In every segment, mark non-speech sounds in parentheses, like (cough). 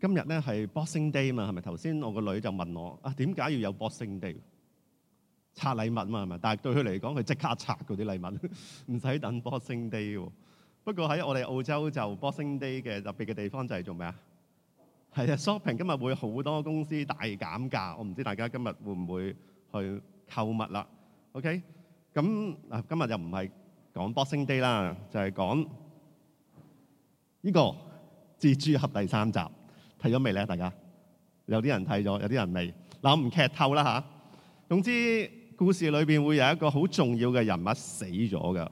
今日咧係 Boxing Day 嘛，係咪？頭先我個女就問我啊，點解要有 Boxing Day？拆禮物嘛，係咪？但係對佢嚟講，佢即刻拆嗰啲禮物，唔使等 Boxing Day 喎、啊。不過喺我哋澳洲就 Boxing Day 嘅特別嘅地方就係做咩啊？係啊 shopping，今日會好多公司大減價。我唔知大家今日會唔會去購物啦。OK，咁嗱，今日就唔係講 Boxing Day 啦，就係講呢個。蜘蛛俠第三集睇咗未咧？大家有啲人睇咗，有啲人未。嗱，我唔劇透啦吓。總之故事裏邊會有一個好重要嘅人物死咗㗎。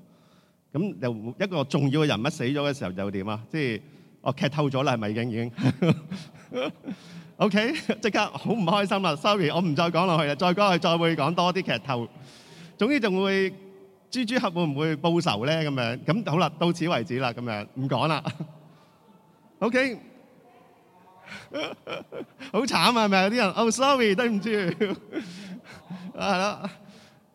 咁又一個重要嘅人物死咗嘅時候就點啊？即係我劇透咗啦，係咪已經 (laughs) (laughs) ？OK，即刻好唔開心啦。Sorry，我唔再講落去啦。再講落去再會講多啲劇透。總之仲會蜘蛛俠會唔會報仇咧？咁樣咁好啦，到此為止啦。咁樣唔講啦。O.K. 好 (laughs) 慘啊，係咪有啲人？Oh sorry，對唔住， (laughs) 係啦，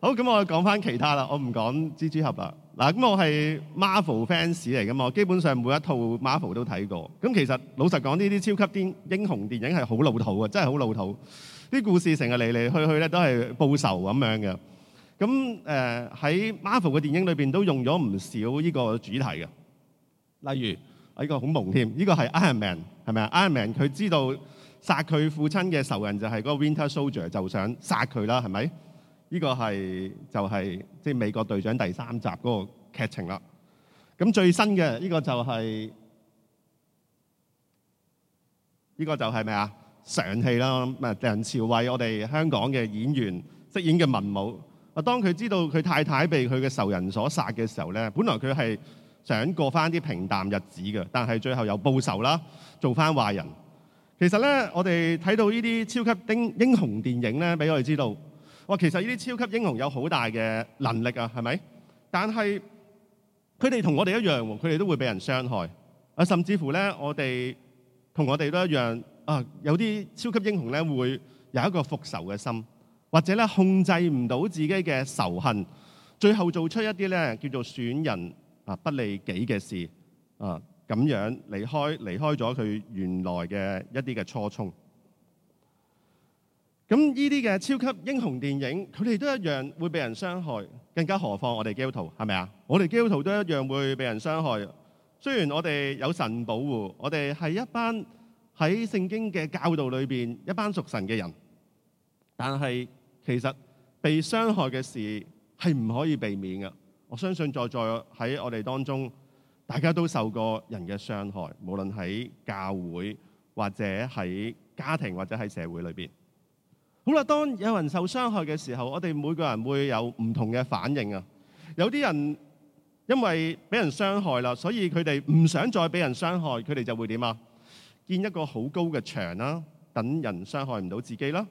好，咁我講翻其他啦。我唔講蜘蛛俠啦。嗱、啊，咁我係 Marvel fans 嚟噶嘛。我基本上每一套 Marvel 都睇過。咁其實老實講，呢啲超級啲英雄電影係好老土啊，真係好老土。啲故事成日嚟嚟去去咧，都係報仇咁樣嘅。咁誒喺、呃、Marvel 嘅電影裏面都用咗唔少呢個主題嘅，例如。呢個好蒙添，呢個係 Iron Man 係咪啊？Iron Man 佢知道殺佢父親嘅仇人就係嗰個 Winter Soldier，就想殺佢啦，係咪？呢個係就係即係美國隊長第三集嗰個劇情啦。咁最新嘅呢個就係，呢個就係咩啊？尚氣啦，咁啊梁朝偉我哋香港嘅演員飾演嘅文武啊，當佢知道佢太太被佢嘅仇人所殺嘅時候咧，本來佢係。想過翻啲平淡日子嘅，但係最後又報仇啦，做翻壞人。其實呢，我哋睇到呢啲超級英英雄電影呢，俾我哋知道，哇！其實呢啲超級英雄有好大嘅能力啊，係咪？但係佢哋同我哋一樣喎，佢哋都會俾人傷害啊。甚至乎呢，我哋同我哋都一樣啊。有啲超級英雄呢會有一個復仇嘅心，或者呢控制唔到自己嘅仇恨，最後做出一啲呢叫做損人。啊！不利己嘅事啊，咁樣離開離開咗佢原來嘅一啲嘅初衷。咁呢啲嘅超級英雄電影，佢哋都一樣會被人傷害，更加何況我哋基督徒係咪啊？我哋基督徒都一樣會被人傷害。雖然我哋有神保護，我哋係一班喺聖經嘅教導裏邊一班屬神嘅人，但係其實被傷害嘅事係唔可以避免嘅。我相信在在喺我哋當中，大家都受過人嘅傷害，無論喺教會或者喺家庭或者喺社會裏面。好啦，當有人受傷害嘅時候，我哋每個人會有唔同嘅反應啊。有啲人因為俾人傷害啦，所以佢哋唔想再俾人傷害，佢哋就會點啊？建一個好高嘅牆啦，等人傷害唔到自己啦。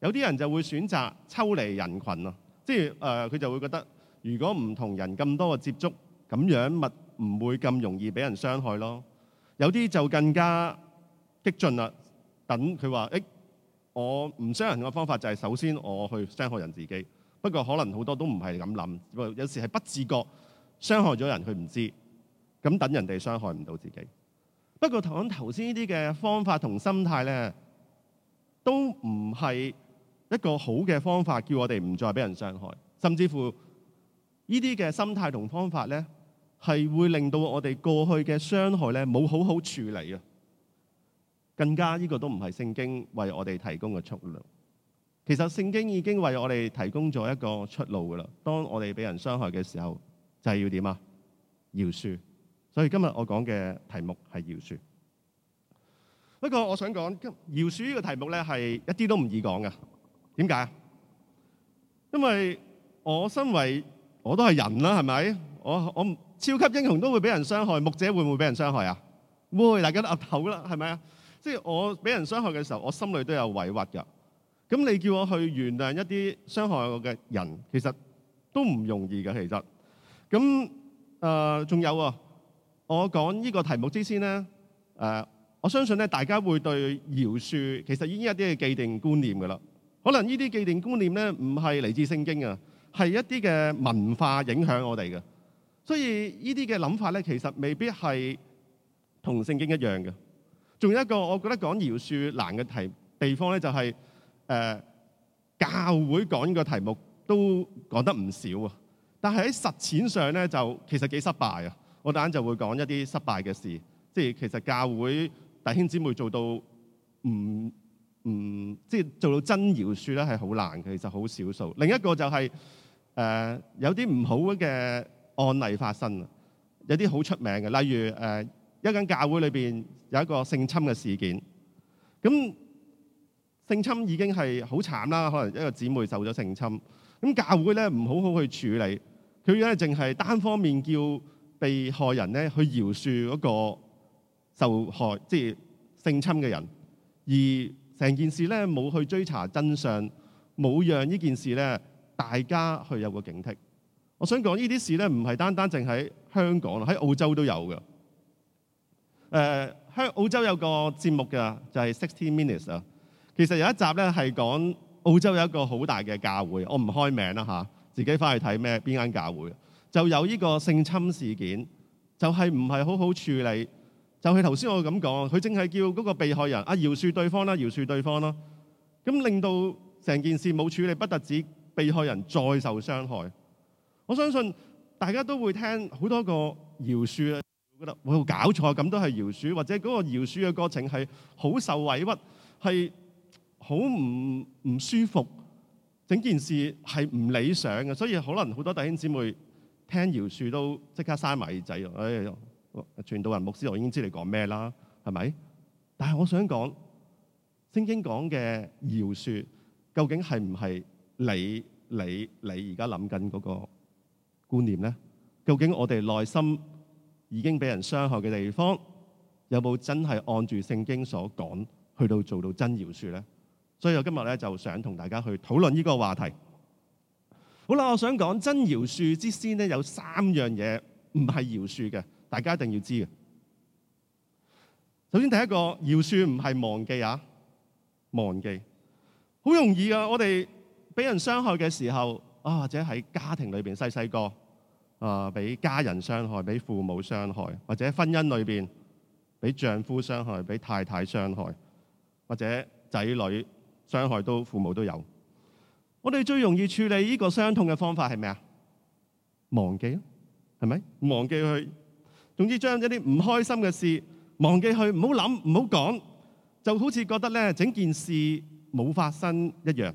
有啲人就會選擇抽離人群啊，即係誒，佢、呃、就會覺得。如果唔同人咁多嘅接觸，咁樣咪唔會咁容易俾人傷害咯。有啲就更加激進啦，等佢話，欸，我唔傷人嘅方法就係首先我去傷害人自己。不過可能好多都唔係咁諗，有時係不自覺傷害咗人，佢唔知。咁等人哋傷害唔到自己。不過講頭先呢啲嘅方法同心態呢，都唔係一個好嘅方法，叫我哋唔再俾人傷害，甚至乎。呢啲嘅心態同方法呢，係會令到我哋過去嘅傷害呢冇好好處理啊，更加呢個都唔係聖經為我哋提供嘅出路。其實聖經已經為我哋提供咗一個出路噶啦。當我哋俾人傷害嘅時候，就係要點啊？饒恕。所以今日我講嘅題目係饒恕。不過我想講饒恕呢個題目呢，係一啲都唔易講嘅。點解啊？因為我身為我都係人啦，係咪？我我超級英雄都會俾人傷害，牧者會唔會俾人傷害啊？會，大家都岌頭啦，係咪啊？即係我俾人傷害嘅時候，我心裏都有委屈嘅。咁你叫我去原諒一啲傷害我嘅人，其實都唔容易嘅。其實，咁誒仲有啊？我講呢個題目之先咧，誒我相信咧，大家會對饒恕其實已經有一啲嘅既定觀念噶啦。可能呢啲既定觀念咧，唔係嚟自聖經啊。係一啲嘅文化影響我哋嘅，所以呢啲嘅諗法咧，其實未必係同聖經一樣嘅。仲有一個我覺得講饒恕難嘅題地方咧，就係誒教會講呢個題目都講得唔少啊，但係喺實踐上咧就其實幾失敗啊。我等陣就會講一啲失敗嘅事，即係其實教會弟兄姊妹做到唔唔即係做到真饒恕咧係好難嘅，其實好少數。另一個就係、是。誒、呃、有啲唔好嘅案例發生，有啲好出名嘅，例如、呃、一間教會裏面有一個性侵嘅事件，咁性侵已經係好慘啦，可能一個姊妹受咗性侵，咁教會咧唔好好去處理，佢咧淨係單方面叫被害人咧去饒恕嗰個受害，即係性侵嘅人，而成件事咧冇去追查真相，冇讓呢件事咧。大家去有個警惕。我想講呢啲事呢，唔係單單淨喺香港，喺澳洲都有嘅、呃。誒，香澳洲有個節目㗎，就係《Sixty Minutes》啊。其實有一集呢，係講澳洲有一個好大嘅教會，我唔開名啦，自己翻去睇咩邊間教會就有呢個性侵事件，就係唔係好好處理？就係頭先我咁講，佢淨係叫嗰個被害人啊，饒恕對方啦，饒恕對方啦、啊，咁令到成件事冇處理，不得止。被害人再受傷害，我相信大家都會聽好多個饒恕啊，覺得會好搞錯，咁，都係饒恕，或者嗰個饒恕嘅過程係好受委屈，係好唔唔舒服，整件事係唔理想嘅，所以可能好多弟兄姊妹聽饒恕都即刻閂埋耳仔啊！哎呀，傳道人牧師，我已經知你講咩啦，係咪？但係我想講聖經講嘅饒恕究竟係唔係。你你你而家諗緊嗰個觀念咧？究竟我哋內心已經俾人傷害嘅地方，有冇真係按住聖經所講去到做到真饒恕咧？所以我今日咧就想同大家去討論呢個話題。好啦，我想講真饒恕之先呢，有三樣嘢唔係饒恕嘅，大家一定要知嘅。首先第一個，饒恕唔係忘記啊，忘記好容易啊，我哋。俾人傷害嘅時候啊，或者喺家庭裏邊細細個啊，俾家人傷害，俾父母傷害，或者婚姻裏邊俾丈夫傷害，俾太太傷害，或者仔女傷害都父母都有。我哋最容易處理呢個傷痛嘅方法係咩啊？忘記啊，係咪忘記去？總之將一啲唔開心嘅事忘記去，唔好諗，唔好講，就好似覺得咧整件事冇發生一樣。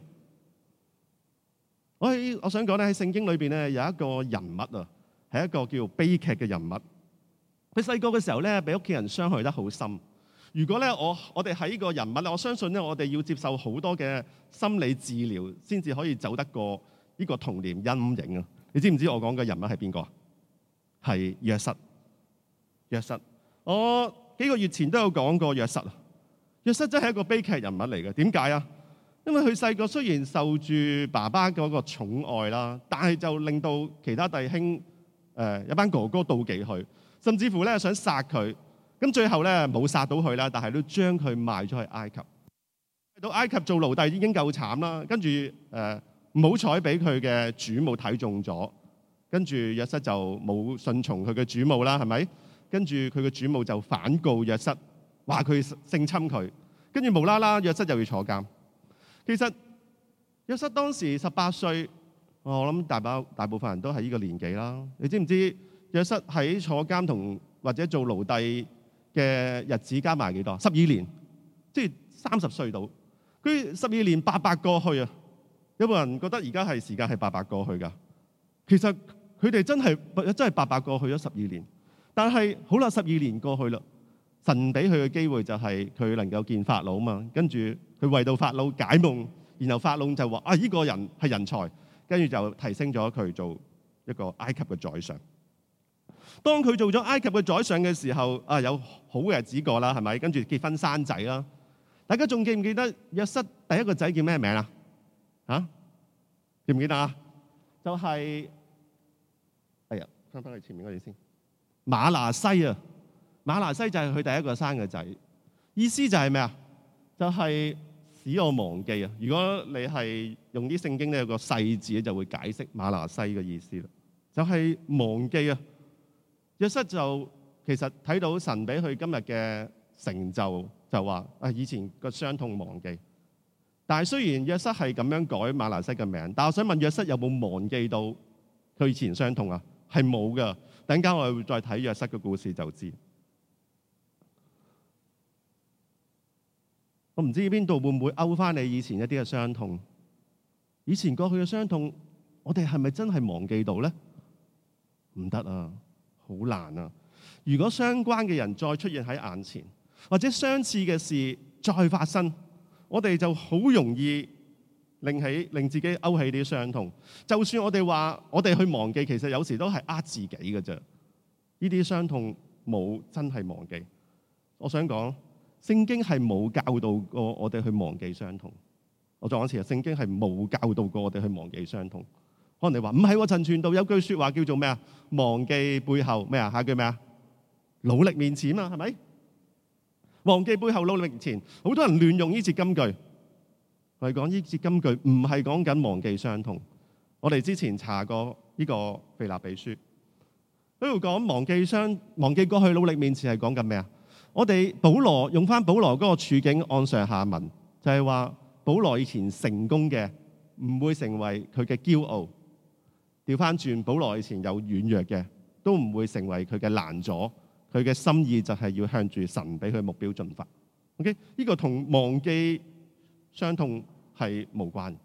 我我想講咧喺聖經裏邊咧有一個人物啊，係一個叫悲劇嘅人物。佢細個嘅時候咧，俾屋企人傷害得好深。如果咧我我哋喺呢個人物咧，我相信咧我哋要接受好多嘅心理治療，先至可以走得過呢個童年陰影啊！你知唔知我講嘅人物係邊個啊？係約瑟。約瑟，我幾個月前都有講過約瑟啊。約瑟真係一個悲劇人物嚟嘅，點解啊？因為佢細個雖然受住爸爸嗰個寵愛啦，但係就令到其他弟兄誒、呃、一班哥哥妒忌佢，甚至乎咧想殺佢。咁最後咧冇殺到佢啦，但係都將佢賣咗去埃及。到埃及做奴隸已經夠慘啦，跟住誒唔好彩俾佢嘅主母睇中咗，跟住約瑟就冇順從佢嘅主母啦，係咪？跟住佢嘅主母就反告約瑟，話佢性侵佢，跟住無啦啦約瑟又要坐監。其實約瑟當時十八歲，我諗大把大部分人都係依個年紀啦。你知唔知道約瑟喺坐監同或者做奴隸嘅日子加埋幾多？十二年，即係三十歲到。佢十二年八百過去啊！有冇人覺得而家係時間係八百過去㗎。其實佢哋真係真係八百過去咗十二年，但係好啦，十二年過去啦。神俾佢嘅機會就係佢能夠見法老嘛，跟住佢為到法老解夢，然後法老就話：啊，呢個人係人才，跟住就提升咗佢做一個埃及嘅宰相。當佢做咗埃及嘅宰相嘅時候，啊有好嘅日子過啦，係咪？跟住結婚生仔啦。大家仲記唔記得約瑟第一個仔叫咩名啊？吓？記唔記得啊？就係、是、哎呀，翻返去前面嗰啲先，馬拿西啊。馬拿西就係佢第一個生嘅仔，意思就係咩啊？就係、是、使我忘記啊！如果你係用啲聖經呢有個細字咧，就會解釋馬拿西嘅意思啦。就係、是、忘記啊！約瑟就其實睇到神俾佢今日嘅成就，就話啊，以前個傷痛忘記。但係雖然約瑟係咁樣改馬拿西嘅名，但係我想問約瑟有冇忘記到佢以前傷痛啊？係冇㗎。等陣間我哋會再睇約瑟嘅故事就知。我唔知邊度會唔會勾翻你以前一啲嘅傷痛，以前過去嘅傷痛，我哋係咪真係忘記到呢？唔得啊，好難啊！如果相關嘅人再出現喺眼前，或者相似嘅事再發生，我哋就好容易令起，令自己勾起啲傷痛。就算我哋話我哋去忘記，其實有時都係呃自己嘅啫。呢啲傷痛冇真係忘記。我想講。聖經係冇教導過我哋去忘記傷痛。我再講一次，聖經係冇教導過我哋去忘記傷痛。可能你話，唔係，我陳傳道有句説話叫做咩啊？忘記背後咩啊？下句咩啊？努力面前啊，係咪？忘記背後努力面前，好多人亂用呢節金句。我哋講呢節金句唔係講緊忘記傷痛。我哋之前查過呢個腓立比書，喺度講忘記傷、忘記過去努力面前係講緊咩啊？我哋保羅用翻保羅嗰個處境，按上下文就係話保羅以前成功嘅唔會成為佢嘅驕傲，調翻轉保羅以前有軟弱嘅都唔會成為佢嘅攔阻，佢嘅心意就係要向住神俾佢目標進發。OK，呢個同忘記傷痛係無關。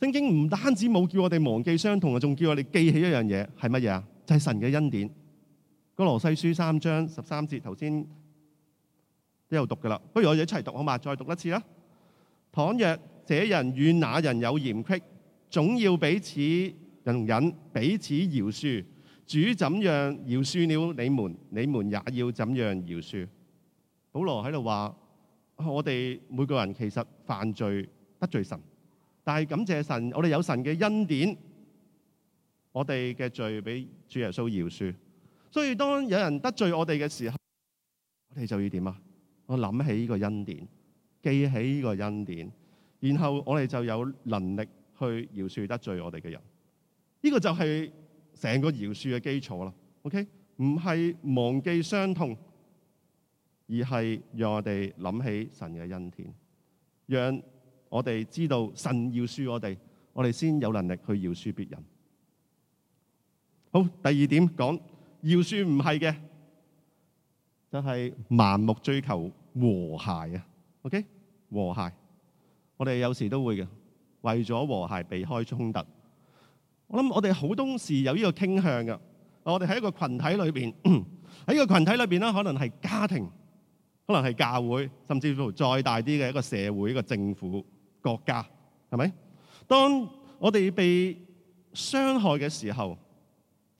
聖經唔單止冇叫我哋忘記傷痛，啊，仲叫我哋記起一樣嘢係乜嘢啊？就係神嘅恩典。《歌羅西書》三章十三節，頭先都有讀噶啦。不如我哋一齊讀好嘛？再讀一次啦。倘若這人與那人有嫌隙，總要彼此容忍，彼此饒恕。主怎樣饒恕了你們，你們也要怎樣饒恕。保羅喺度話：我哋每個人其實犯罪得罪神，但係感謝神，我哋有神嘅恩典，我哋嘅罪俾主耶穌饒恕。所以當有人得罪我哋嘅時候，我哋就要點啊？我諗起呢個恩典，記起呢個恩典，然後我哋就有能力去饒恕得罪我哋嘅人。呢、這個就係成個饒恕嘅基礎啦。OK，唔係忘記傷痛，而係讓我哋諗起神嘅恩典，讓我哋知道神饒恕我哋，我哋先有能力去饒恕別人。好，第二點講。要算唔係嘅，就係盲目追求和諧啊！OK，和諧，我哋有時都會嘅，為咗和諧避開衝突。我諗我哋好多時有呢個傾向嘅。我哋喺一個群體裏邊，喺一個群體裏邊咧，可能係家庭，可能係教會，甚至乎再大啲嘅一個社會一個政府、國家，係咪？當我哋被傷害嘅時候，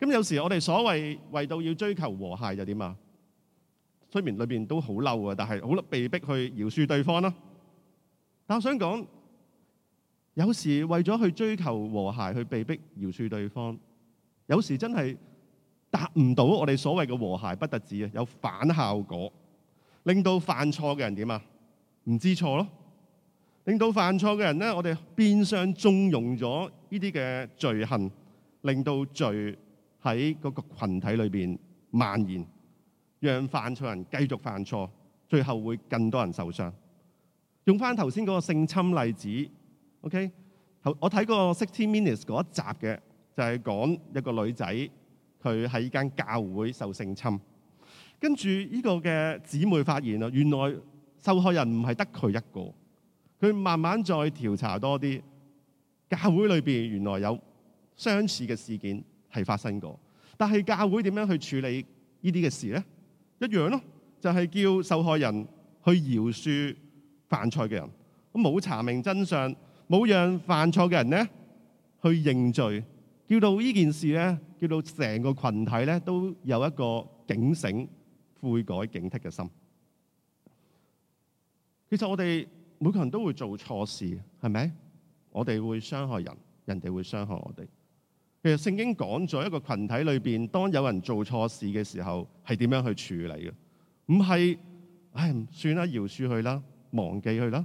咁有時我哋所謂為到要追求和諧，就點啊？雖然裏面都好嬲啊，但係好被逼去饒恕對方咯。但我想講，有時為咗去追求和諧，去被逼饒恕對方，有時真係達唔到我哋所謂嘅和諧，不得止啊，有反效果，令到犯錯嘅人點啊？唔知錯咯，令到犯錯嘅人咧，我哋變相縱容咗呢啲嘅罪行，令到罪。喺嗰個羣體裏邊蔓延，讓犯錯人繼續犯錯，最後會更多人受傷。用翻頭先嗰個性侵例子，OK？我睇過《Sixty Minutes》嗰一集嘅就係、是、講一個女仔，佢喺間教會受性侵，跟住呢個嘅姊妹發現啦，原來受害人唔係得佢一個。佢慢慢再調查多啲，教會裏邊原來有相似嘅事件。係發生過，但係教會點樣去處理呢啲嘅事呢？一樣咯，就係、是、叫受害人去饒恕犯錯嘅人，咁冇查明真相，冇讓犯錯嘅人呢去認罪，叫到呢件事呢，叫到成個羣體呢，都有一個警醒、悔改、警惕嘅心。其實我哋每個人都會做錯事，係咪？我哋會傷害人，人哋會傷害我哋。其實聖經講咗一個群體裏邊，當有人做錯事嘅時候，係點樣去處理嘅？唔係，唉，算啦，饒恕佢啦，忘記佢啦，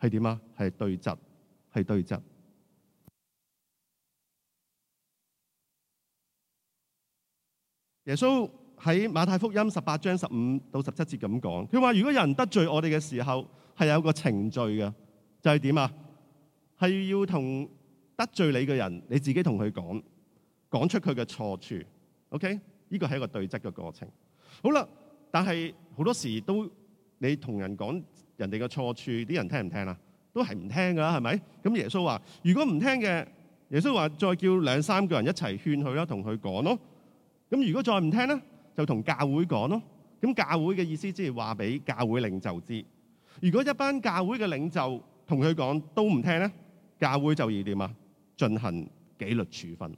係點啊？係對質，係對質。耶穌喺馬太福音十八章十五到十七節咁講，佢話如果有人得罪我哋嘅時候，係有個程序嘅，就係點啊？係要同。得罪你嘅人，你自己同佢講，講出佢嘅錯處。OK，呢個係一個對質嘅過程。好啦，但係好多時候都你同人講人哋嘅錯處，啲人聽唔聽啦？都係唔聽㗎啦，係咪？咁耶穌話：如果唔聽嘅，耶穌話再叫兩三個人一齊勸佢啦，同佢講咯。咁如果再唔聽咧，就同教會講咯。咁教會嘅意思即係話俾教會領袖知。如果一班教會嘅領袖同佢講都唔聽咧，教會就易點啊？進行紀律處分，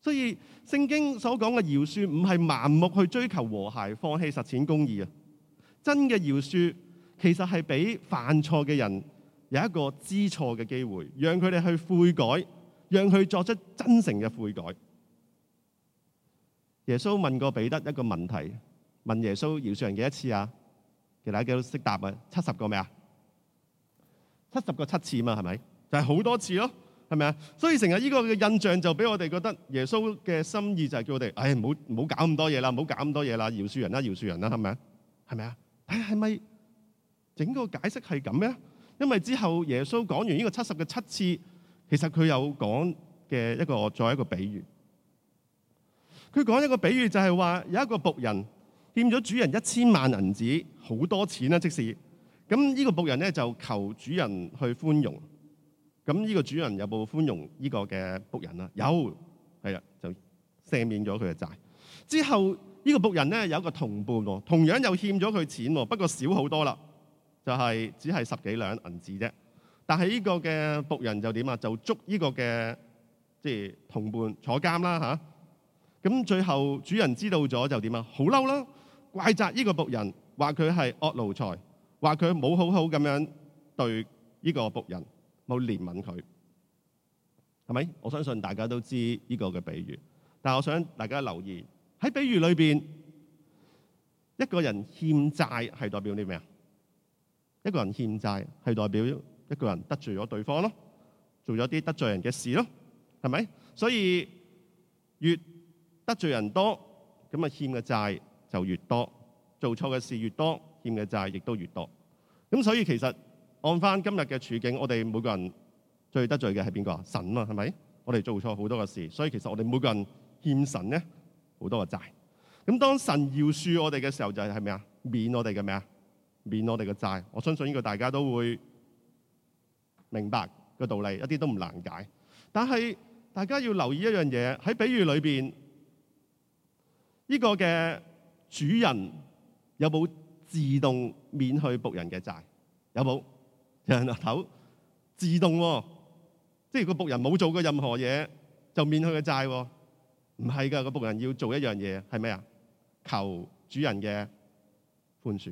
所以聖經所講嘅饒恕唔係盲目去追求和諧，放棄實踐公義啊！真嘅饒恕其實係俾犯錯嘅人有一個知錯嘅機會，讓佢哋去悔改，讓佢作出真誠嘅悔改。耶穌問過彼得一個問題：問耶穌饒恕人幾多次啊？其實大家都識答嘅、啊，七十個咩啊？七十個七次嘛，係咪？就係、是、好多次咯。係咪啊？所以成日呢個嘅印象就俾我哋覺得耶穌嘅心意就係叫我哋，唉、哎，唔好唔好搞咁多嘢啦，唔好搞咁多嘢啦，饒恕人啦，饒恕人啦，係咪啊？係咪啊？唉，係咪、哎、整個解釋係咁咧？因為之後耶穌講完呢個七十嘅七次，其實佢有講嘅一個再一個比喻。佢講一個比喻就係話有一個僕人欠咗主人一千萬銀子，好多錢啦，即使咁呢個僕人咧，就求主人去寬容。咁呢個主人有冇寬容呢個嘅僕人呀？有係啊，就赦免咗佢嘅債。之後、這個、呢個僕人咧有一個同伴喎，同樣又欠咗佢錢喎，不過少好多啦，就係、是、只係十幾兩銀紙啫。但係呢個嘅僕人就點啊？就捉呢個嘅即係同伴坐監啦吓，咁、啊、最後主人知道咗就點啊？好嬲啦，怪責呢個僕人，話佢係惡奴才，話佢冇好好咁樣對呢個僕人。好憐憫佢，係咪？我相信大家都知呢個嘅比喻，但係我想大家留意喺比喻裏邊，一個人欠債係代表啲咩啊？一個人欠債係代表一個人得罪咗對方咯，做咗啲得罪人嘅事咯，係咪？所以越得罪人多，咁啊欠嘅債就越多，做錯嘅事越多，欠嘅債亦都越多。咁所以其實。按翻今日嘅處境，我哋每個人最得罪嘅係邊個啊？神啊，係咪？我哋做錯好多個事，所以其實我哋每個人欠神咧好多個債。咁當神饒恕我哋嘅時候，就係係咩啊？免我哋嘅咩啊？免我哋嘅債。我相信呢個大家都會明白個道理，一啲都唔難解。但係大家要留意一樣嘢，喺比喻裏面，呢、呢個嘅主人有冇自動免去僕人嘅債？有冇？人頭自動喎，即係個僕人冇做過任何嘢就免去個債喎，唔係㗎，個僕人要做一樣嘢，係咩啊？求主人嘅寬恕。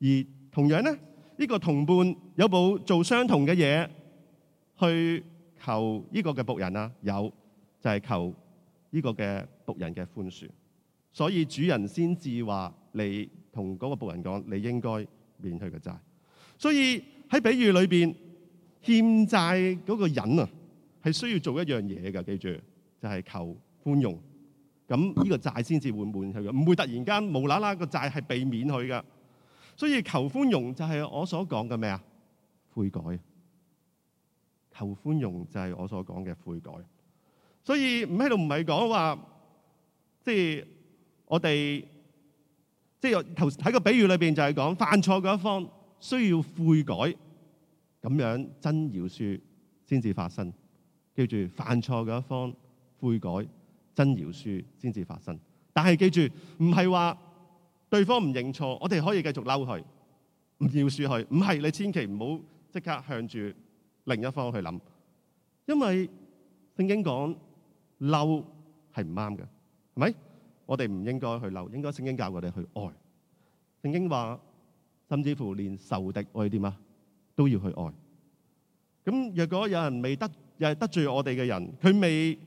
而同樣咧，呢個同伴有冇做相同嘅嘢去求呢個嘅僕人啊？有，就係求呢個嘅僕人嘅寬恕。所以主人先至話：你同嗰個僕人講，你應該免去個債。所以。喺比喻裏邊，欠債嗰個人啊，係需要做一樣嘢噶，記住，就係、是、求寬容。咁呢個債先至會還去噶唔會突然間無啦啦個債係避免佢噶。所以求寬容就係我所講嘅咩啊？悔改。求寬容就係我所講嘅悔改。所以唔喺度唔係講話，即、就、係、是、我哋，即係頭睇個比喻裏邊就係講犯錯嗰一方。需要悔改咁樣真饒恕先至發生，記住犯錯嘅一方悔改，真饒恕先至發生。但係記住唔係話對方唔認錯，我哋可以繼續嬲佢，唔饒恕佢。唔係，你千祈唔好即刻向住另一方去諗，因為聖經講嬲係唔啱嘅，係咪？我哋唔應該去嬲，應該聖經教我哋去愛。聖經話。甚至乎連仇敵，我哋點啊都要去愛。咁若果有人未得又係得罪我哋嘅人，佢未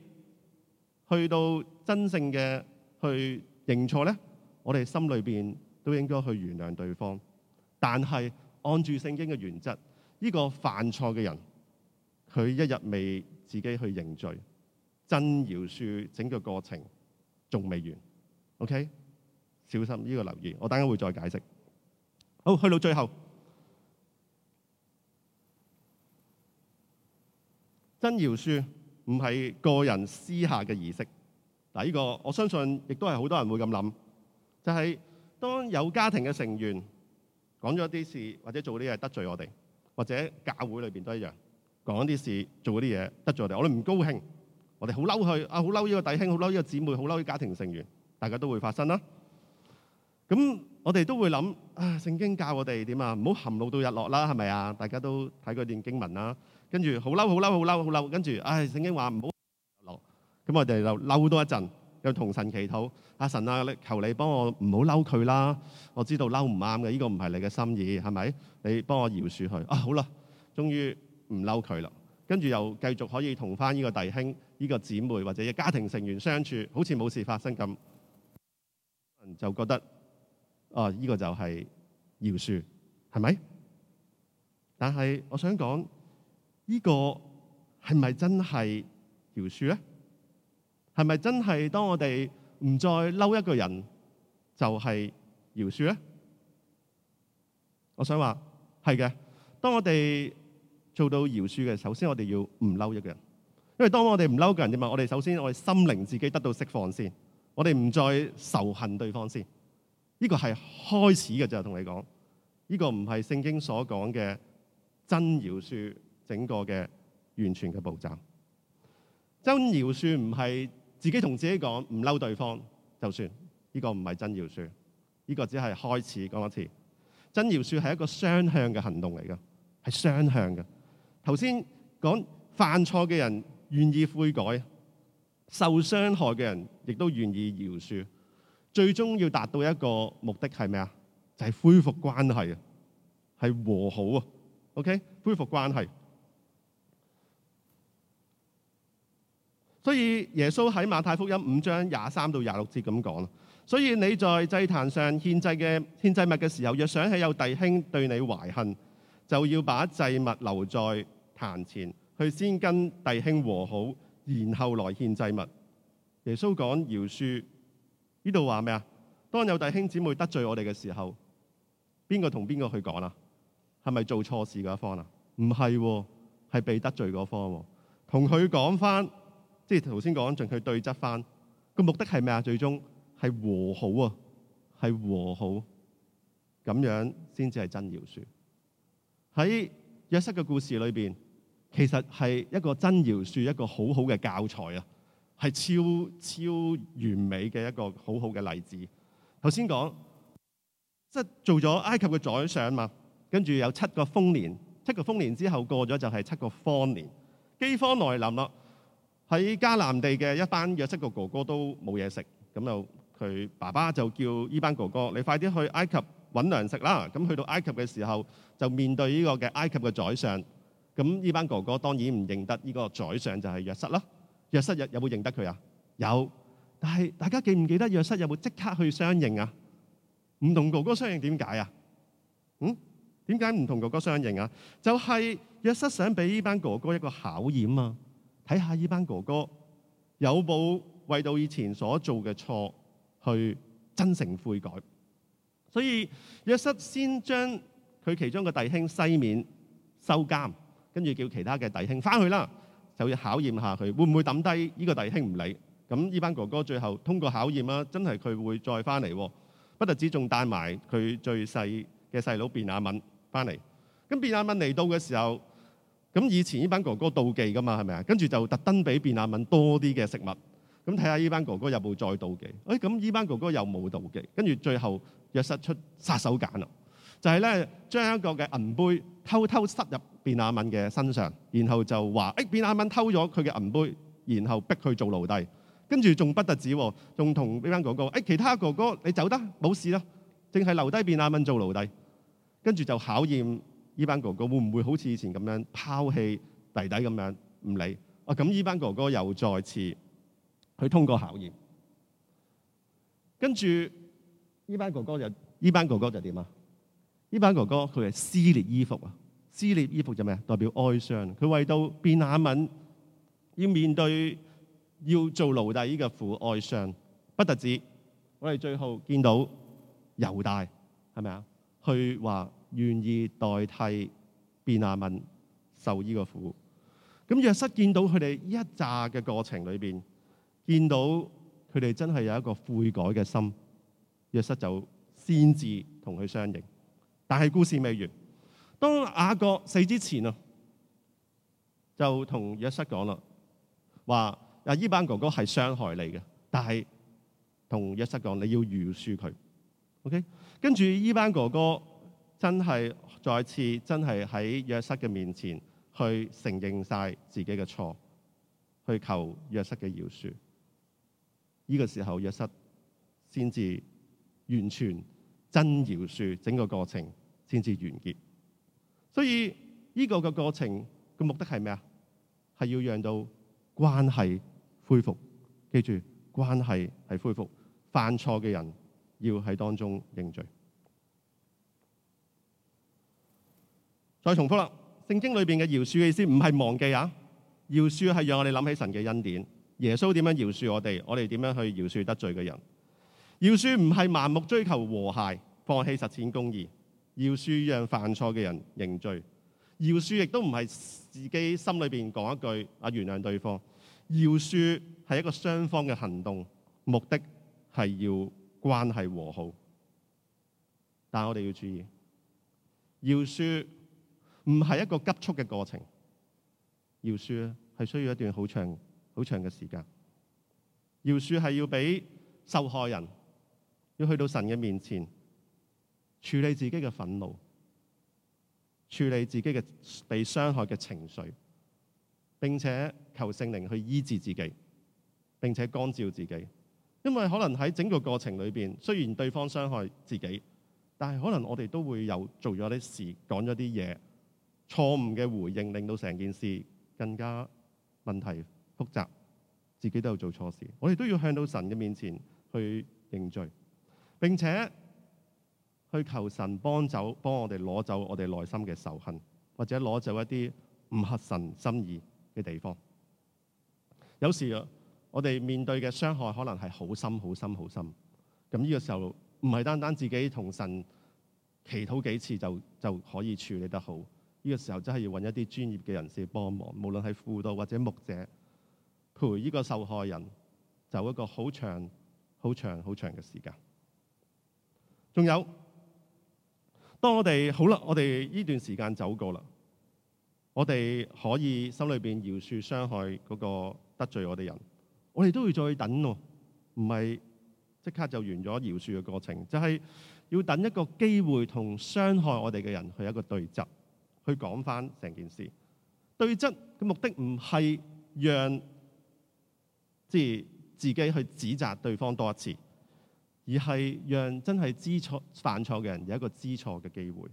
去到真正嘅去認錯咧，我哋心裏邊都應該去原諒對方。但係按住聖經嘅原則，呢個犯錯嘅人，佢一日未自己去認罪、真饒恕，整個過程仲未完。OK，小心呢個留意，我等陣會再解釋。好，去到最後，真饒恕唔係個人私下嘅儀式。嗱，呢個我相信亦都係好多人會咁諗，就係當有家庭嘅成員講咗一啲事，或者做啲嘢得罪我哋，或者教會裏邊都一樣講啲事、做嗰啲嘢得罪我哋，我哋唔高興，我哋好嬲佢，啊好嬲呢個弟兄，好嬲呢個姊妹，好嬲呢個家庭成員，大家都會發生啦。咁我哋都會諗啊，聖經教我哋點啊，唔好含怒到日落啦，係咪啊？大家都睇嗰段經文啦，跟住好嬲、好嬲、好嬲、好嬲，跟住啊，聖經話唔好落，咁我哋就嬲多一陣，又同神祈禱啊，神啊，你求你幫我唔好嬲佢啦。我知道嬲唔啱嘅，呢個唔係你嘅心意，係咪？你幫我饒恕佢啊。好啦，終於唔嬲佢啦，跟住又繼續可以同翻呢個弟兄、呢個姊妹或者嘅家庭成員相處，好似冇事發生咁，就覺得。啊！依、哦呢個就係饒恕，係咪？但係我想講，這個、是不是呢個係咪真係饒恕咧？係咪真係當我哋唔再嬲一個人，就係饒恕咧？我想話係嘅。當我哋做到饒恕嘅，首先我哋要唔嬲一個人，因為當我哋唔嬲一個人點啊？我哋首先我哋心靈自己得到釋放先，我哋唔再仇恨對方先。呢個係開始嘅啫，同你講，呢個唔係聖經所講嘅真饒恕整個嘅完全嘅步驟。真饒恕唔係自己同自己講，唔嬲對方就算，呢個唔係真饒恕，呢個只係開始。講一次，真饒恕係一個雙向嘅行動嚟㗎，係雙向嘅。頭先講犯錯嘅人願意悔改，受傷害嘅人亦都願意饒恕。最終要達到一個目的係咩啊？就係、是、恢復關係，係和好啊。OK，恢復關係。所以耶穌喺馬太福音五章廿三到廿六節咁講咯。所以你在祭壇上獻祭嘅獻祭物嘅時候，若想起有弟兄對你懷恨，就要把祭物留在壇前，去先跟弟兄和好，然後來獻祭物。耶穌講饒恕。呢度話咩啊？當有弟兄姊妹得罪我哋嘅時候，邊個同邊個去講啊？係咪做錯事嘅一方啊？唔係，係被得罪嗰方，同佢講翻，即係頭先講，盡佢對質翻。個目的係咩啊？最終係和好啊，係和好，咁樣先至係真饒恕。喺約瑟嘅故事裏邊，其實係一個真饒恕一個好好嘅教材啊！係超超完美嘅一個好好嘅例子。頭先講，即係做咗埃及嘅宰相嘛，跟住有七個豐年，七個豐年之後過咗就係七個荒年，饑荒來臨啦。喺迦南地嘅一班約瑟嘅哥哥都冇嘢食，咁就佢爸爸就叫呢班哥哥，你快啲去埃及揾糧食啦。咁去到埃及嘅時候，就面對呢個嘅埃及嘅宰相，咁呢班哥哥當然唔認得呢個宰相就係約瑟啦。約瑟有沒有冇認得佢啊？有，但係大家記唔記得約瑟有冇即刻去相認啊？唔同哥哥相認點解啊？嗯，點解唔同哥哥相認啊？就係、是、約瑟想俾呢班哥哥一個考驗啊，睇下呢班哥哥有冇為到以前所做嘅錯去真誠悔改。所以約瑟先將佢其中嘅弟兄西緬收監，跟住叫其他嘅弟兄翻去啦。就要考驗下佢會唔會抌低呢個弟兄唔理咁？呢班哥哥最後通過考驗啦，真係佢會再翻嚟，不得止仲帶埋佢最細嘅細佬便雅憫翻嚟。咁便雅憫嚟到嘅時候，咁以前呢班哥哥妒忌噶嘛係咪啊？跟住就特登俾便雅憫多啲嘅食物。咁睇下呢班哥哥有冇再妒忌？誒咁呢班哥哥又冇妒忌，跟住最後約瑟出殺手鐧啦。就係咧，將一個嘅銀杯偷偷塞入便雅憫嘅身上，然後就話，誒便雅憫偷咗佢嘅銀杯，然後逼佢做奴隸。跟住仲不得止，仲同呢班哥哥，誒其他哥哥你走得冇事啦，淨係留低便雅憫做奴隸。跟住就考驗呢班哥哥會唔會好似以前咁樣拋棄弟弟咁樣唔理。啊、哦，咁呢班哥哥又再次去通過考驗。跟住呢班哥哥就呢班哥哥就點啊？呢班哥哥佢係撕裂衣服啊！撕裂衣服就咩啊？代表哀傷。佢為到便雅敏，要面對要做奴隸呢個苦哀傷，不特止我哋最後見到猶大係咪啊？佢話願意代替便雅敏受呢個苦。咁約瑟見到佢哋一炸嘅過程裏邊，見到佢哋真係有一個悔改嘅心，約瑟就先至同佢相認。但係故事未完。當雅各死之前啊，就同約瑟講啦，話阿伊班哥哥係傷害你嘅，但係同約瑟講，你要饒恕佢，OK？跟住伊班哥哥真係再次真係喺約瑟嘅面前去承認晒自己嘅錯，去求約瑟嘅饒恕。呢、這個時候約瑟先至完全真饒恕整個過程先至完結，所以呢個嘅過程嘅目的係咩啊？係要讓到關係恢復。記住，關係係恢復，犯錯嘅人要喺當中認罪。再重複啦，聖經裏邊嘅饒恕嘅意思唔係忘記啊，饒恕係讓我哋諗起神嘅恩典，耶穌點樣饒恕我哋，我哋點樣去饒恕得罪嘅人。饒恕唔係盲目追求和諧，放棄實踐公義。饒恕讓犯錯嘅人認罪，饒恕亦都唔係自己心裏邊講一句啊原諒對方，饒恕係一個雙方嘅行動，目的係要關係和好。但係我哋要注意，饒恕唔係一個急促嘅過程，饒恕咧係需要一段好長好長嘅時間。饒恕係要俾受害人要去到神嘅面前，處理自己嘅憤怒，處理自己嘅被傷害嘅情緒，並且求聖靈去醫治自己，並且光照自己。因為可能喺整個過程裏面，雖然對方傷害自己，但係可能我哋都會有做咗啲事、講咗啲嘢，錯誤嘅回應令到成件事更加問題複雜。自己都有做錯事，我哋都要向到神嘅面前去認罪，並且，去求神幫手，幫我哋攞走我哋內心嘅仇恨，或者攞走一啲唔合神心意嘅地方。有時我哋面對嘅傷害可能係好深、好深、好深。咁呢個時候唔係單單自己同神祈禱幾次就就可以處理得好。呢個時候真係要搵一啲專業嘅人士幫忙，無論係輔導或者牧者陪呢個受害人，走一個好長、好長、好長嘅時間。仲有。當我哋好啦，我哋呢段時間走過啦，我哋可以心裏面饒恕傷害嗰個得罪我哋人，我哋都要再等喎、啊，唔係即刻就完咗饒恕嘅過程，就係、是、要等一個機會同傷害我哋嘅人去一個對質去講翻成件事。對質嘅目的唔係讓即係自己去指責對方多一次。而係讓真係知錯犯錯嘅人有一個知錯嘅機會，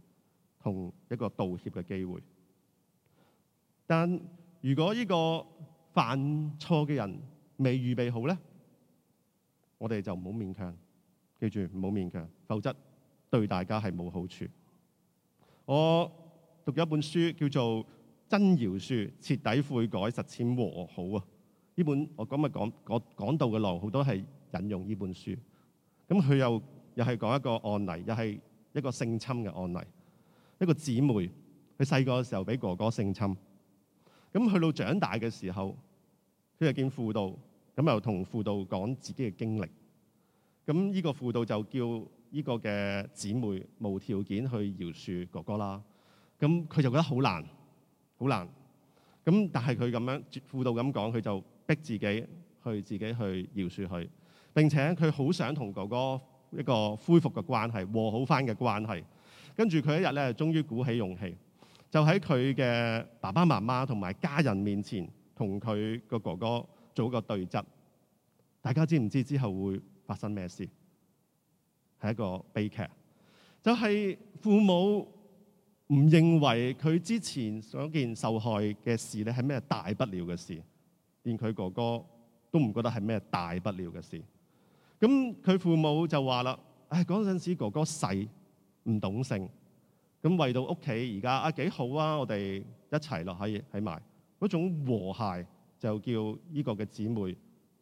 同一個道歉嘅機會。但如果呢個犯錯嘅人未預備好咧，我哋就唔好勉強。記住唔好勉強，否則對大家係冇好處。我讀咗一本書叫做《真饒恕》，徹底悔改，實踐和好啊！呢本我今日講講講到嘅路好多係引用呢本書。咁佢又又係講一個案例，又係一個性侵嘅案例。一個姊妹，佢細個嘅時候俾哥哥性侵，咁去到長大嘅時候，佢又見輔導，咁又同輔導講自己嘅經歷。咁呢個輔導就叫呢個嘅姊妹無條件去饒恕哥哥啦。咁佢就覺得好難，好難。咁但係佢咁樣輔導咁講，佢就逼自己去自己去饒恕佢。並且佢好想同哥哥一個恢復嘅關係，和好翻嘅關係。跟住佢一日咧，終於鼓起勇氣，就喺佢嘅爸爸媽媽同埋家人面前，同佢個哥哥做一個對質。大家知唔知之後會發生咩事？係一個悲劇，就係父母唔認為佢之前所見受害嘅事咧，係咩大不了嘅事，連佢哥哥都唔覺得係咩大不了嘅事。咁佢父母就話啦，唉、哎，嗰陣時哥哥細，唔懂性，咁為到屋企而家啊幾好啊！我哋一齊咯，可以喺埋嗰種和諧，就叫呢個嘅姊妹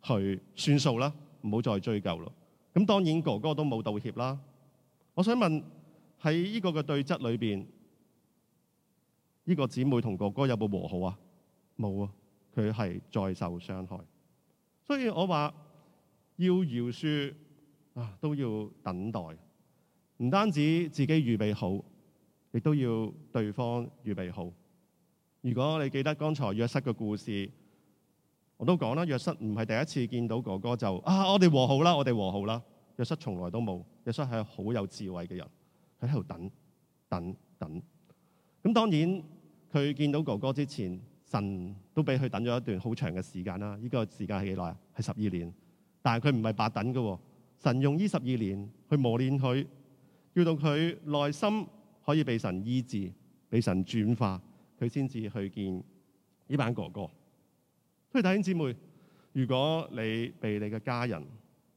去算數啦，唔好再追究咯。咁當然哥哥都冇道歉啦。我想問喺呢個嘅對質裏邊，呢、這個姊妹同哥哥有冇和好啊？冇啊，佢係再受傷害，所以我話。要饒恕啊，都要等待，唔單止自己預備好，亦都要對方預備好。如果你記得剛才約瑟嘅故事，我都講啦。約瑟唔係第一次見到哥哥就啊，我哋和好啦，我哋和好啦。約瑟從來都冇，約瑟係好有智慧嘅人，佢喺度等等等。咁當然佢見到哥哥之前，神都俾佢等咗一段好長嘅時間啦。依個時間係幾耐啊？係十二年。但係佢唔係白等嘅，神用呢十二年去磨練佢，要到佢內心可以被神醫治、被神轉化，佢先至去見呢班哥哥。所以弟兄姊妹，如果你被你嘅家人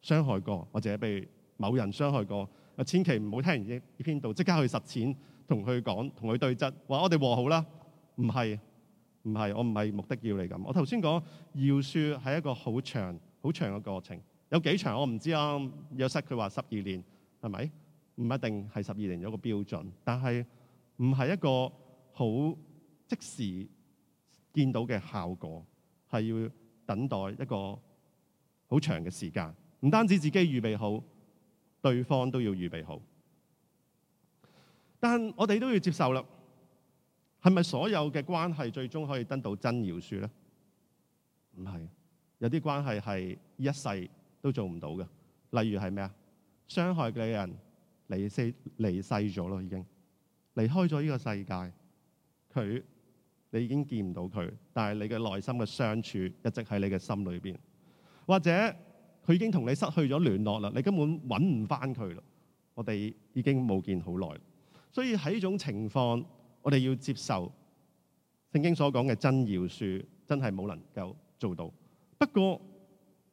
傷害過，或者被某人傷害過，啊，千祈唔好聽完呢呢篇道即刻去實踐，同佢講、同佢對質，話我哋和好啦。唔係，唔係，我唔係目的要你咁。我頭先講，饒恕係一個好長。好長嘅過程，有幾長我唔知啊。約瑟佢話十二年，係咪？唔一定係十二年有個標準，但係唔係一個好即時見到嘅效果，係要等待一個好長嘅時間。唔單止自己預備好，對方都要預備好。但我哋都要接受啦。係咪所有嘅關係最終可以得到真饒恕咧？唔係。有啲關係係一世都做唔到嘅，例如係咩啊？傷害你嘅人離世、離世咗咯，已經離開咗呢個世界，佢，你已經見唔到佢，但係你嘅內心嘅傷處一直喺你嘅心裏邊。或者佢已經同你失去咗聯絡啦，你根本揾唔返佢啦。我哋已經冇見好耐，所以喺呢種情況，我哋要接受聖經所講嘅真饒恕，真係冇能夠做到。不過，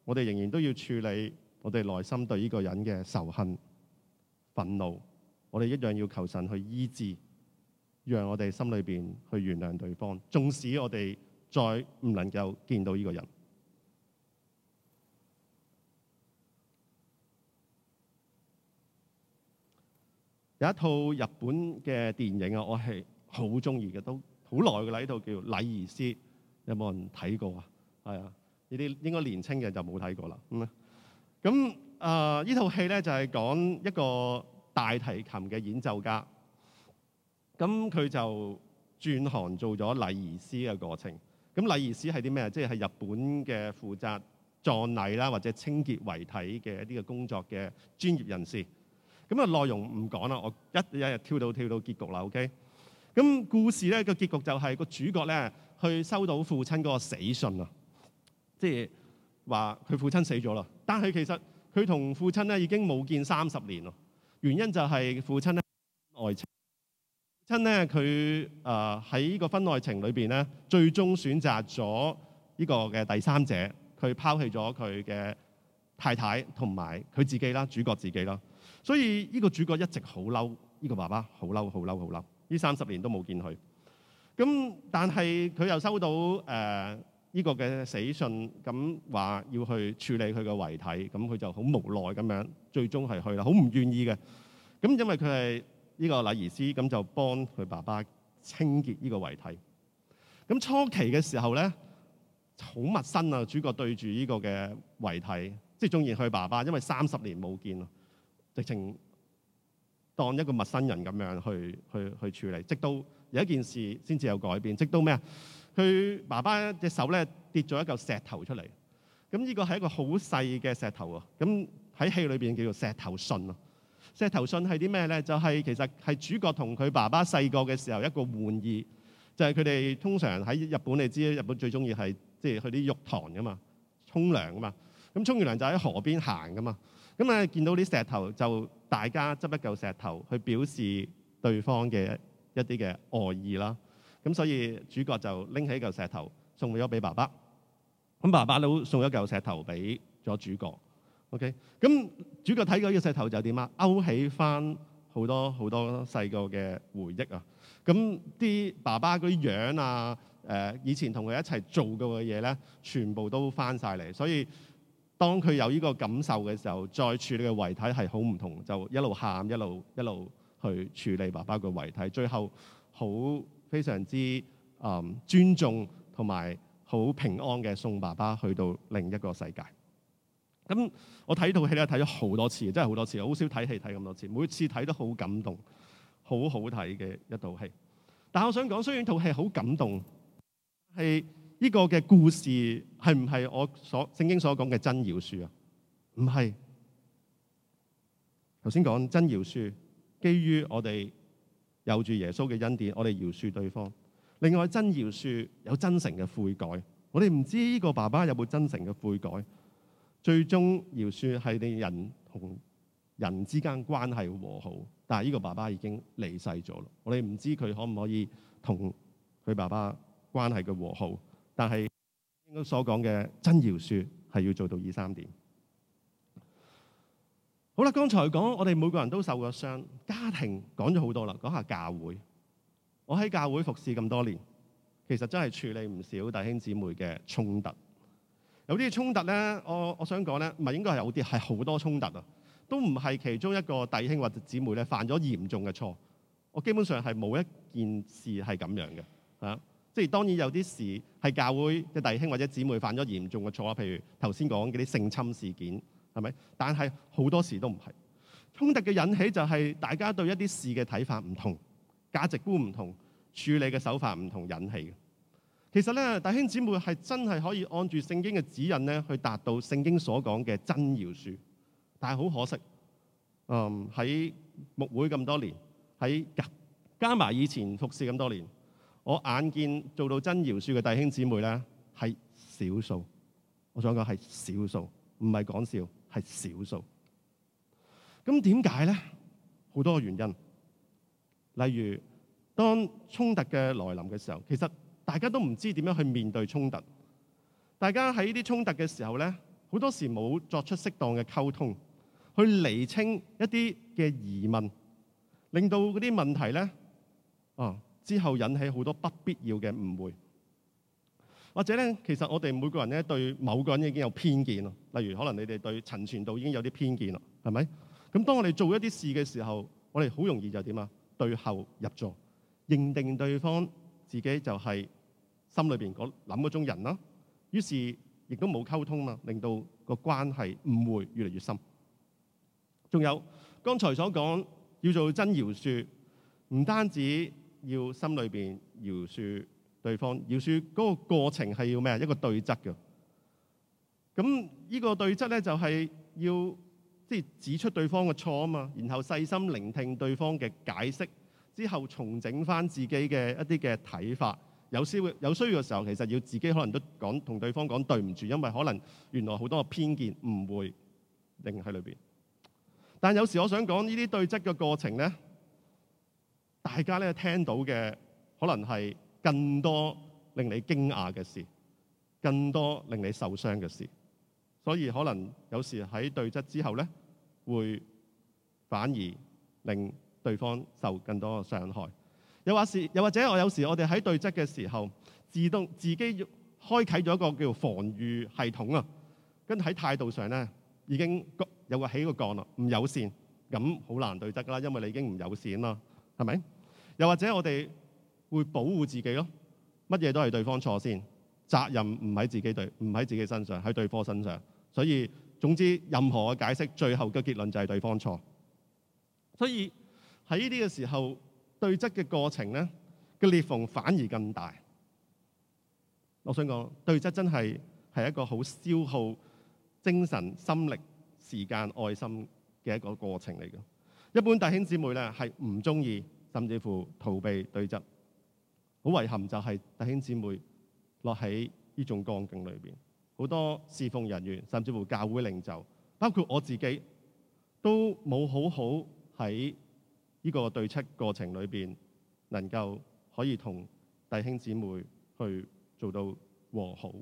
我哋仍然都要處理我哋內心對呢個人嘅仇恨、憤怒。我哋一樣要求神去醫治，讓我哋心裏邊去原諒對方，縱使我哋再唔能夠見到呢個人。有一套日本嘅電影啊，我係好中意嘅，都好耐嘅啦。呢套叫《禮儀師》，有冇人睇過啊？係啊。呢啲應該年青嘅就冇睇過啦。咁、呃、啊，咁啊，呢套戲咧就係、是、講一個大提琴嘅演奏家，咁佢就轉行做咗禮儀師嘅過程。咁禮儀師係啲咩？即係係日本嘅負責葬禮啦，或者清潔遺體嘅一啲嘅工作嘅專業人士。咁啊，內容唔講啦，我一一日跳到跳到結局啦。OK，咁故事咧個結局就係個主角咧去收到父親嗰個死訊啊。即係話佢父親死咗啦，但係其實佢同父親咧已經冇見三十年咯。原因就係父親咧、呃、愛情，親咧佢誒喺呢個婚外情裏邊咧，最終選擇咗呢個嘅第三者，佢拋棄咗佢嘅太太同埋佢自己啦，主角自己啦。所以呢個主角一直好嬲，呢、呢個爸爸好嬲，好嬲，好嬲，呢三十年都冇見佢。咁但係佢又收到誒。呃呢個嘅死訊，咁話要去處理佢嘅遺體，咁佢就好無奈咁樣，最終係去啦，好唔願意嘅。咁因為佢係呢個禮儀師，咁就幫佢爸爸清潔呢個遺體。咁初期嘅時候咧，好陌生啊！主角對住呢個嘅遺體，即係縱然佢爸爸，因為三十年冇見啊，直情當一個陌生人咁樣去去去處理。直到有一件事先至有改變，直到咩啊？佢爸爸隻手咧跌咗一嚿石頭出嚟，咁呢個係一個好細嘅石頭啊。咁喺戲裏邊叫做石頭信啊。石頭信係啲咩咧？就係、是、其實係主角同佢爸爸細個嘅時候一個玩意，就係佢哋通常喺日本你知，日本最中意係即係去啲浴堂噶嘛，沖涼噶嘛。咁沖完涼就喺河邊行噶嘛。咁啊見到啲石頭，就大家執一嚿石頭去表示對方嘅一啲嘅愛意啦。咁所以主角就拎起嚿石頭送咗俾爸爸，咁爸爸都送咗嚿石頭俾咗主角。OK，咁主角睇過呢個石頭就點啊？勾起翻好多好多細個嘅回憶啊！咁啲爸爸嗰啲樣啊，誒、呃、以前同佢一齊做過嘅嘢咧，全部都翻晒嚟。所以當佢有呢個感受嘅時候，再處理嘅遺體係好唔同，就一路喊一路一路去處理爸爸嘅遺體，最後好。非常之嗯尊重同埋好平安嘅送爸爸去到另一個世界。咁我睇套戲咧睇咗好多次，真係好多次，好少睇戲睇咁多次。每次睇都好感動，很好好睇嘅一套戲。但係我想講，雖然套戲好感動，係呢個嘅故事係唔係我所聖經所講嘅真饒恕啊？唔係。頭先講真饒恕，基於我哋。有住耶穌嘅恩典，我哋饒恕對方。另外真饒恕有真誠嘅悔改。我哋唔知呢個爸爸有冇真誠嘅悔改。最終饒恕係啲人同人之間關係和好，但係呢個爸爸已經離世咗啦。我哋唔知佢可唔可以同佢爸爸關係嘅和好，但係應該所講嘅真饒恕係要做到二三點。好啦，剛才講我哋每個人都受過傷，家庭講咗好多啦，講下教會。我喺教會服侍咁多年，其實真係處理唔少弟兄姊妹嘅衝突。有啲衝突咧，我我想講咧，唔係應該係有啲，係好多衝突啊，都唔係其中一個弟兄或者姊妹咧犯咗嚴重嘅錯。我基本上係冇一件事係咁樣嘅嚇，即係當然有啲事係教會嘅弟兄或者姊妹犯咗嚴重嘅錯啊，譬如頭先講嗰啲性侵事件。係咪？但係好多時都唔係衝突嘅引起，就係大家對一啲事嘅睇法唔同，價值觀唔同，處理嘅手法唔同引起嘅。其實咧，弟兄姊妹係真係可以按住聖經嘅指引咧，去達到聖經所講嘅真饒恕。但係好可惜，嗯，喺牧會咁多年，喺加埋以前服侍咁多年，我眼見做到真饒恕嘅弟兄姊妹咧係少數。我想講係少數，唔係講笑。係少數，咁點解呢？好多原因，例如當衝突嘅來臨嘅時候，其實大家都唔知點樣去面對衝突，大家喺啲衝突嘅時候呢，好多時冇作出適當嘅溝通，去釐清一啲嘅疑問，令到嗰啲問題呢，啊，之後引起好多不必要嘅誤會。或者咧，其實我哋每個人咧，對某個人已經有偏見咯。例如可能你哋對陳傳道已經有啲偏見啦，係咪？咁當我哋做一啲事嘅時候，我哋好容易就點啊？對號入座，認定對方自己就係心裏面嗰諗嗰種人啦。於是亦都冇溝通嘛，令到個關係誤會越嚟越深。仲有剛才所講要做真饒恕，唔單止要心裏面饒恕。對方要說，嗰個過程係要咩啊？一個對質嘅。咁呢個對質咧，就係要即係指出對方嘅錯啊嘛。然後細心聆聽對方嘅解釋，之後重整翻自己嘅一啲嘅睇法。有需要有需要嘅時候，其實要自己可能都講同對方講對唔住，因為可能原來好多嘅偏見、誤會，定喺裏邊。但有時我想講，呢啲對質嘅過程咧，大家咧聽到嘅可能係～更多令你驚訝嘅事，更多令你受傷嘅事，所以可能有時喺對質之後咧，會反而令對方受更多嘅傷害。又或是，又或者我有時我哋喺對質嘅時候，自動自己開啟咗一個叫防禦系統啊，跟喺態度上咧已經有個起個降咯，唔友善，咁好難對質㗎啦，因為你已經唔友善啦，係咪？又或者我哋。會保護自己咯，乜嘢都係對方錯先，責任唔喺自己對唔喺自己身上，喺對方身上。所以總之任何嘅解釋，最後嘅結論就係對方錯。所以喺呢個時候對質嘅過程咧，個裂縫反而更大。我想講對質真係係一個好消耗精神、心力、時間、愛心嘅一個過程嚟嘅。一般弟兄姊妹咧係唔鍾意，甚至乎逃避對質。好遺憾就係弟兄姊妹落喺呢種光景裏面，好多侍奉人員，甚至乎教會領袖，包括我自己，都冇好好喺呢個對策過程裏面，能夠可以同弟兄姊妹去做到和好，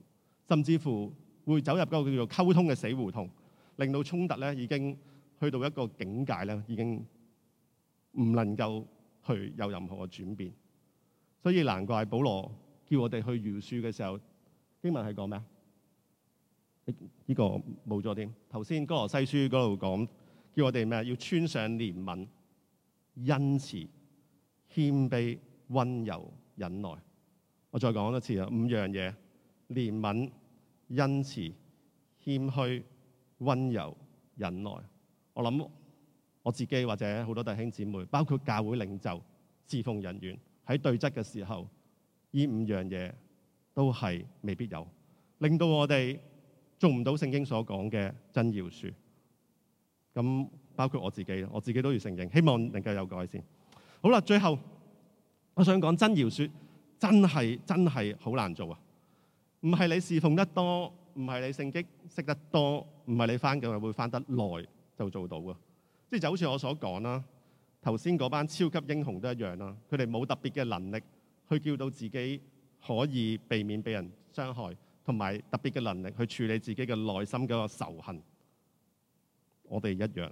甚至乎會走入個叫做溝通嘅死胡同，令到衝突咧已經去到一個境界咧，已經唔能夠去有任何嘅轉變。所以難怪保羅叫我哋去饒恕嘅時候，經文係講咩？呢、欸這個冇咗添。頭先哥羅西書嗰度講，叫我哋咩？要穿上憐憫、恩慈、謙卑、溫柔、忍耐。我再講一次啊，五樣嘢：憐憫、恩慈、謙虛、溫柔、忍耐。我諗我自己或者好多弟兄姊妹，包括教會領袖，侍奉人員喺對質嘅時候，呢五樣嘢都係未必有，令到我哋做唔到聖經所講嘅真饒恕。咁包括我自己，我自己都要承認。希望能夠有改善。好啦，最後我想講真饒恕真係真係好難做啊！唔係你侍奉得多，唔係你聖經識得多，唔係你翻緊會翻得耐就做到嘅。即係就好似我所講啦。頭先嗰班超級英雄都一樣啦，佢哋冇特別嘅能力去叫到自己可以避免被人傷害，同埋特別嘅能力去處理自己嘅內心嗰個仇恨。我哋一樣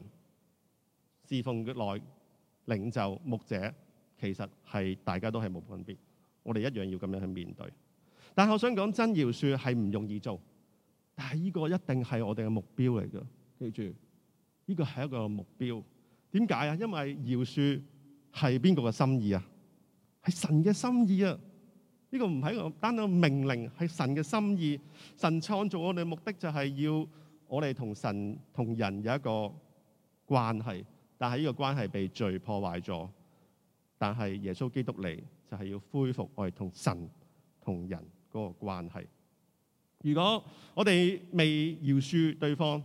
侍奉嘅內領袖牧者，其實係大家都係冇分別，我哋一樣要咁樣去面對。但係我想講真饒恕係唔容易做，但係呢個一定係我哋嘅目標嚟嘅，記住呢個係一個目標。點解啊？因為饒恕係邊個嘅心意啊？係神嘅心意啊！呢個唔係一個單單嘅命令，係神嘅心意。神創造我哋目的就係要我哋同神同人有一個關係，但係呢個關係被罪破壞咗。但係耶穌基督嚟就係要恢復我哋同神同人嗰個關係。如果我哋未饒恕對方，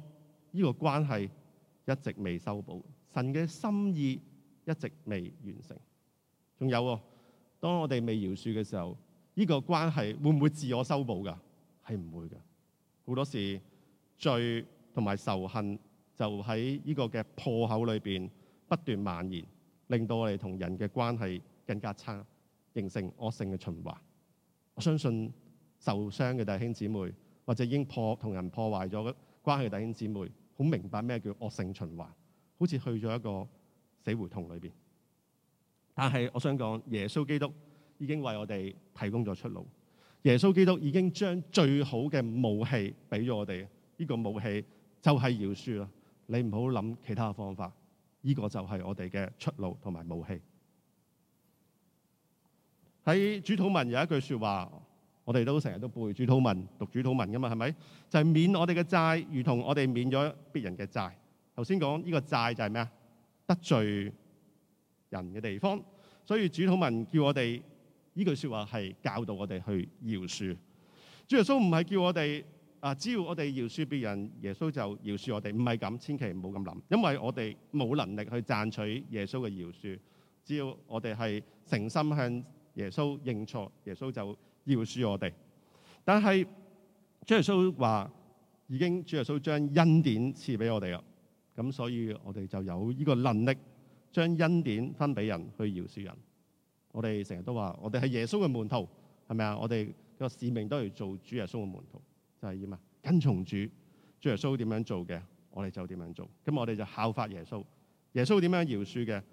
呢個關係一直未修補。神嘅心意一直未完成，仲有啊，當我哋未饒恕嘅時候，呢個關係會唔會自我修補噶，係唔會噶，好多時罪同埋仇恨就喺呢個嘅破口裏邊不斷蔓延，令到我哋同人嘅關係更加差，形成惡性嘅循環，我相信受傷嘅弟兄姊妹，或者已經破同人破壞咗關係弟兄姊妹，好明白咩叫惡性循環。好似去咗一個死胡同裏面。但係我想講，耶穌基督已經為我哋提供咗出路。耶穌基督已經將最好嘅武器俾咗我哋，呢、這個武器就係饒恕啦。你唔好諗其他方法，呢、這個就係我哋嘅出路同埋武器。喺主禱文有一句說話，我哋都成日都背主禱文，讀主禱文噶嘛，係咪？就係、是、免我哋嘅債，如同我哋免咗別人嘅債。頭先講呢個債就係咩啊？得罪人嘅地方，所以主好民叫我哋呢句説話係教導我哋去饒恕。主耶穌唔係叫我哋啊，只要我哋饒恕別人，耶穌就饒恕我哋，唔係咁，千祈唔好咁諗，因為我哋冇能力去賺取耶穌嘅饒恕。只要我哋係誠心向耶穌認錯，耶穌就饒恕我哋。但係主耶穌話已經，主耶穌將恩典賜俾我哋啦。咁所以，我哋就有呢個能力，將恩典分俾人去饒恕人。我哋成日都話，我哋係耶穌嘅門徒，係咪啊？我哋個使命都係做主耶穌嘅門徒，就係要啊？跟從主，主耶穌點樣做嘅，我哋就點樣做。咁我哋就效法耶穌。耶穌點樣饒恕嘅，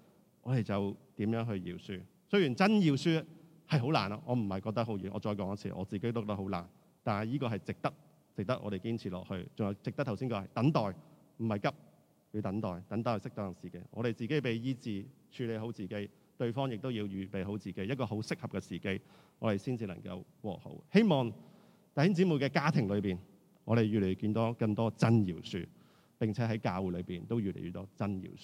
我哋就點樣去饒恕。雖然真饒恕係好難啊，我唔係覺得好易。我再講一次，我自己都覺得好難，但係呢個係值得，值得我哋堅持落去。仲有值得頭先講，等待唔係急。要等待，等待適當嘅時機，我哋自己被醫治、處理好自己，對方亦都要預備好自己。一個好適合嘅時機，我哋先至能夠和好。希望弟兄姊妹嘅家庭裏邊，我哋越嚟越見到更多真饒恕，並且喺教會裏邊都越嚟越多真饒恕。